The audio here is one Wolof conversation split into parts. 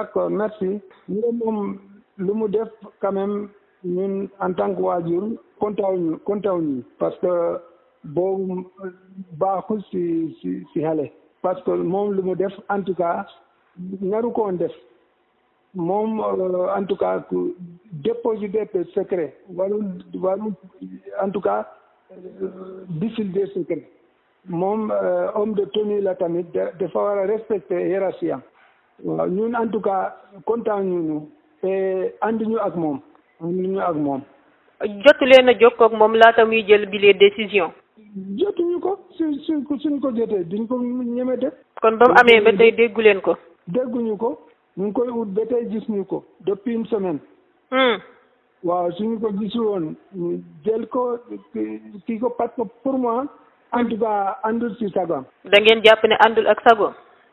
d'accord merci ñu ne moom lu mu def quand même ñun en tant que waajur kontawuñu parce que boobu baaxul si si si xale parce que moom lu mu def en tout cas ñaru koon def moom euh, en tout cas dépositaire de secret warul warul en tout cas euh, diffuser secret moom euh, homme de tenue la tamit dafa war a respecter hiérarchie waaw ñun en tout cas kontaan ñu te ak moom andi ñu ak moom. jotu leen a jokkoo moom laata muy jël bile décision. jotuñu ko suñ suñ ko suñ ko jotee duñ ko ñeme de kon ba mu amee ba tey déggu leen ko. dégguñu ko mu ngi koy wut ba tey gis ñu ko depuis une semaine. Hmm. waaw suñ ko gisul woon jël ko kii ko parce que pour moi en tout cas àndul ci sagoom. da ngeen jàpp ne àndul ak sagoom.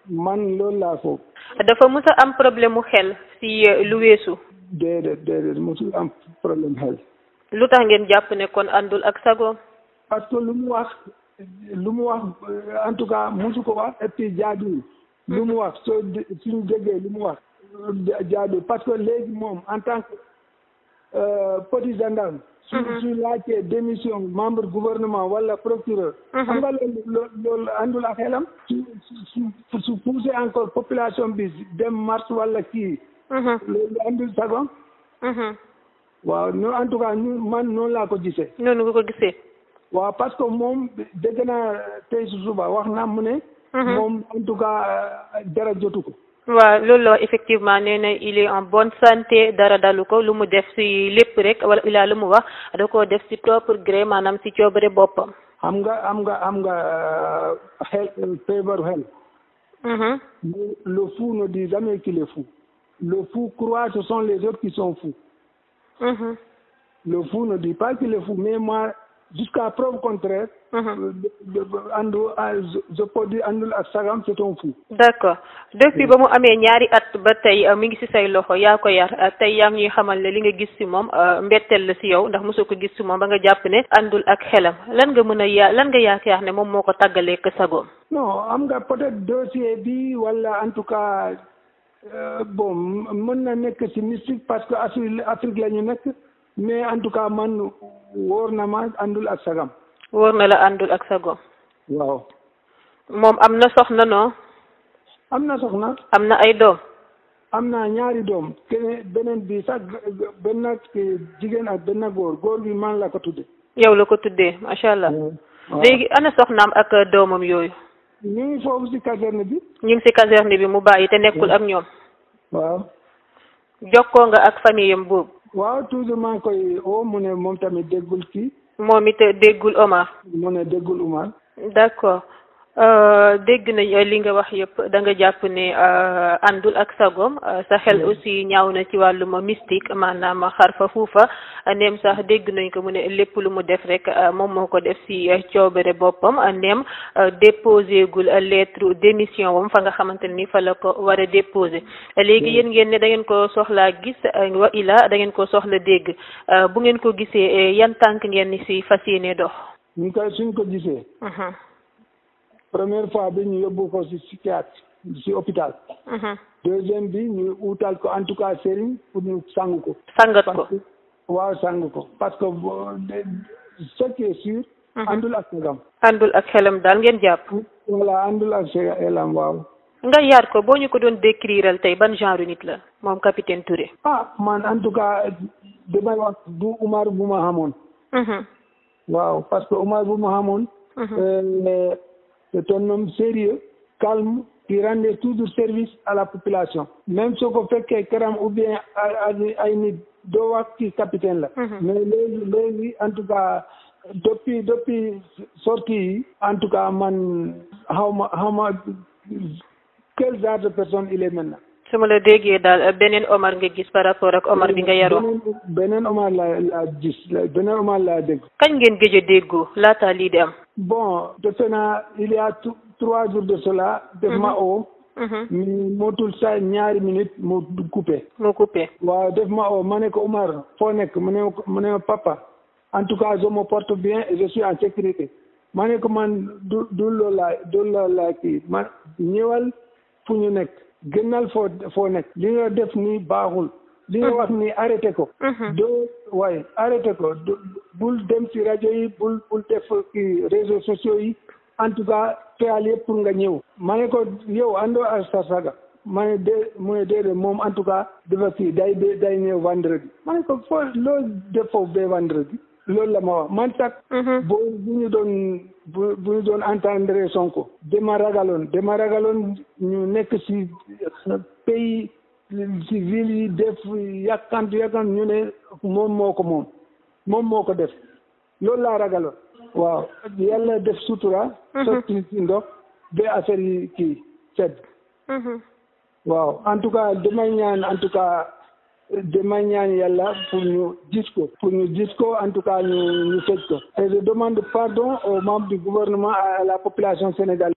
man loolu laa foog. dafa mës am problème mu xel si euh, lu weesu. déedéet déedéet mësul am problème xel. lu tax ngeen jàpp ne kon àndul ak sago. parce que lu mu wax lu mu wax en tout cas mësu ko wax et puis lu mu wax soo suñu déggee lu mu wax. jaaduwul parce que léegi moom en tant que euh, petit gendarme. su su mhm. laajtee démission membre gouvernement wala procureur mhm. xam nga loolu loolu àndul xelam su su su poussé encore population bi dem marche wala kii mhm. loolu àndul sagon waaw ñu en tout cas ñu laa ko gisee noonu nga ko gisee waaw parce que moom dégg naa tey su suba wax naa mu ne moom en euh, dara jotu ko waaw loolu la effectivement nee na il est en bonne santé dara dalu ko lu mu def ci lépp rek wala ilaa lu mu wax da koo def ci propre gré maanaam ci coobare boppam. am nga am nga am nga xel euh, feebaru xel. Mm-hmm. le fou ne dit jamais qu'il est fou. le fou croit ce sont les autres qui sont fous. Mm-hmm. le fou ne dit pas qu'il fou mais moi. jusqu'à preuve contraire. àndoo uh-huh. euh, ah, je peux dire àndul ak sagam c'est un fou. d'accord depuis ba mu amee ñaari at ba tey euh, mi ngi ci say loxo yaa ko yar euh, tey yaa ngi ñuy xamal ne li nga gis ci moom mbetteel la ci yow ndax mosoo ko gis ci moom ba nga jàpp ne àndul ak xelam lan nga mën a ya lan nga yaakaar ne moom moo ko tàggalee ak sagoom. non am nga peut-être dossier bi walla en tout cas bon mën na nekk ci mystique parce que Afrique la nekk mais en tout cas man. wóor na ma àndul ak sagam. wóor na la àndul ak sago. waaw. moom am na soxna noo. am na soxna. am na ay doom. am na ñaari doom keneen beneen bi sax benn jigéen ak benn góor góor bi man la ko tuddee. yow la ko tuddee macha allah. Mm, léegi ana soxnaam ak doomam yooyu. ñu ngi foofu si caserne bi. ñu ngi si caserne bi mu bàyyi te nekkul mm. ak ñoom. waaw. ak famille boobu. waaw toujours maa ngi koy oo mu ne moom tamit déggul kii. moom it déggul Omar. mu ne déggul Omar. d'accord. Euh, dégg nañ euh, li nga wax yëpp da nga jàpp ne euh, àndul ak sagoom sa xel aussi ñaaw na ci wàllu wàllum mystique maanaam xar fa fuufa neem sax dégg nañ ko mu ne lépp lu mu def rek moom moo ko def ci coobare boppam neem déposé gul lettre démission wam fa nga xamante ni fa la ko war a déposé léegi yéen ngeen ne dangeen ngeen ko soxlaa gis wa illa da ngeen ko soxla dégg bu ngeen ko gisee yan tànk ngeen si fas yéene dox. ñu koy suñ ko gisee. Uh-huh. première fois bi ñu yóbbu ko si psychiatre si hôpital. deuxième bi ñu utal ko en tout ka sëriñ pour ñu sang ko. sangat ko waaw sang ko parce que ce qui est ak xelam. àndul ak xelam daal ngeen jàpp. voilà àndul ak xelam waaw. nga yaar ko boo ñu ko doon décriral tey ban genre nit la moom capitaine Touré. ah man en tout cas damay wax du Umar bu ma xamoon. waaw parce que Umar bu ma xamoon. C'est un homme sérieux, calme, qui rendait toujours service à la population. même soo ko fekkee këram ou bien ay nit doo wax ci capitaine mhm. la. mais léegi léegi en tout cas depuis depuis sortie yi. en tout cas man xaw ma xaw ma quel genre de personne il est maintenant. su ma la déggee daal beneen Omar nga gis par rapport ak Omar bi nga yaroo. beneen Omar laa laa gis beneen Omar laa dégg. kañ ngeen gëj déggoo laataa lii de am. bon defe naa il y trois jours de cela. def ma mhm. oo. Mhm. mootul sa ñaari minute mu coupé. mu coupé. waaw def ma oo ma ne ko Omar foo nekk mu ne mu ne papa en tout cas je me porte bien et je suis en sécurité ma ne ko man du du loolu du loolu laa kii fu ñu nekk. gënal foo foo nekk li nga def nii baaxul li nga wax nii arrêté ko doo waaye arrêté ko bul dem ci rajo yi bul bul def ci réseaux sociaux yi en tout cas yëpp pour nga ñëw ma ne ko yow àndoo ak Sarsaga ma ne de mu moom en tout cas dafa fii day day ñëw vendredi ma ne ko foo loo def foofu ba loolu la ma wax man sax. Mhm. boo bu ñu doon bu bu ñu doon entendre Sonko. dama ragaloon dema ragaloon ñu nekk si euh, pays ci ville yi def yàkkant yàkkant ñu ne moom moo ko moom moom moo ko def loolu laa ragaloon. waaw yàlla def sutura. Mhm. sotti ci ndox ba affaire yi kii sedd. Mhm. waaw en tout cas damay ñaan en tout cas. dama ñaan yàlla pour ñu gis ko pour ñu gis ko en tout cas ñu ñu tëj ko et demande pardon aux membres du gouvernement à la population sénégalaise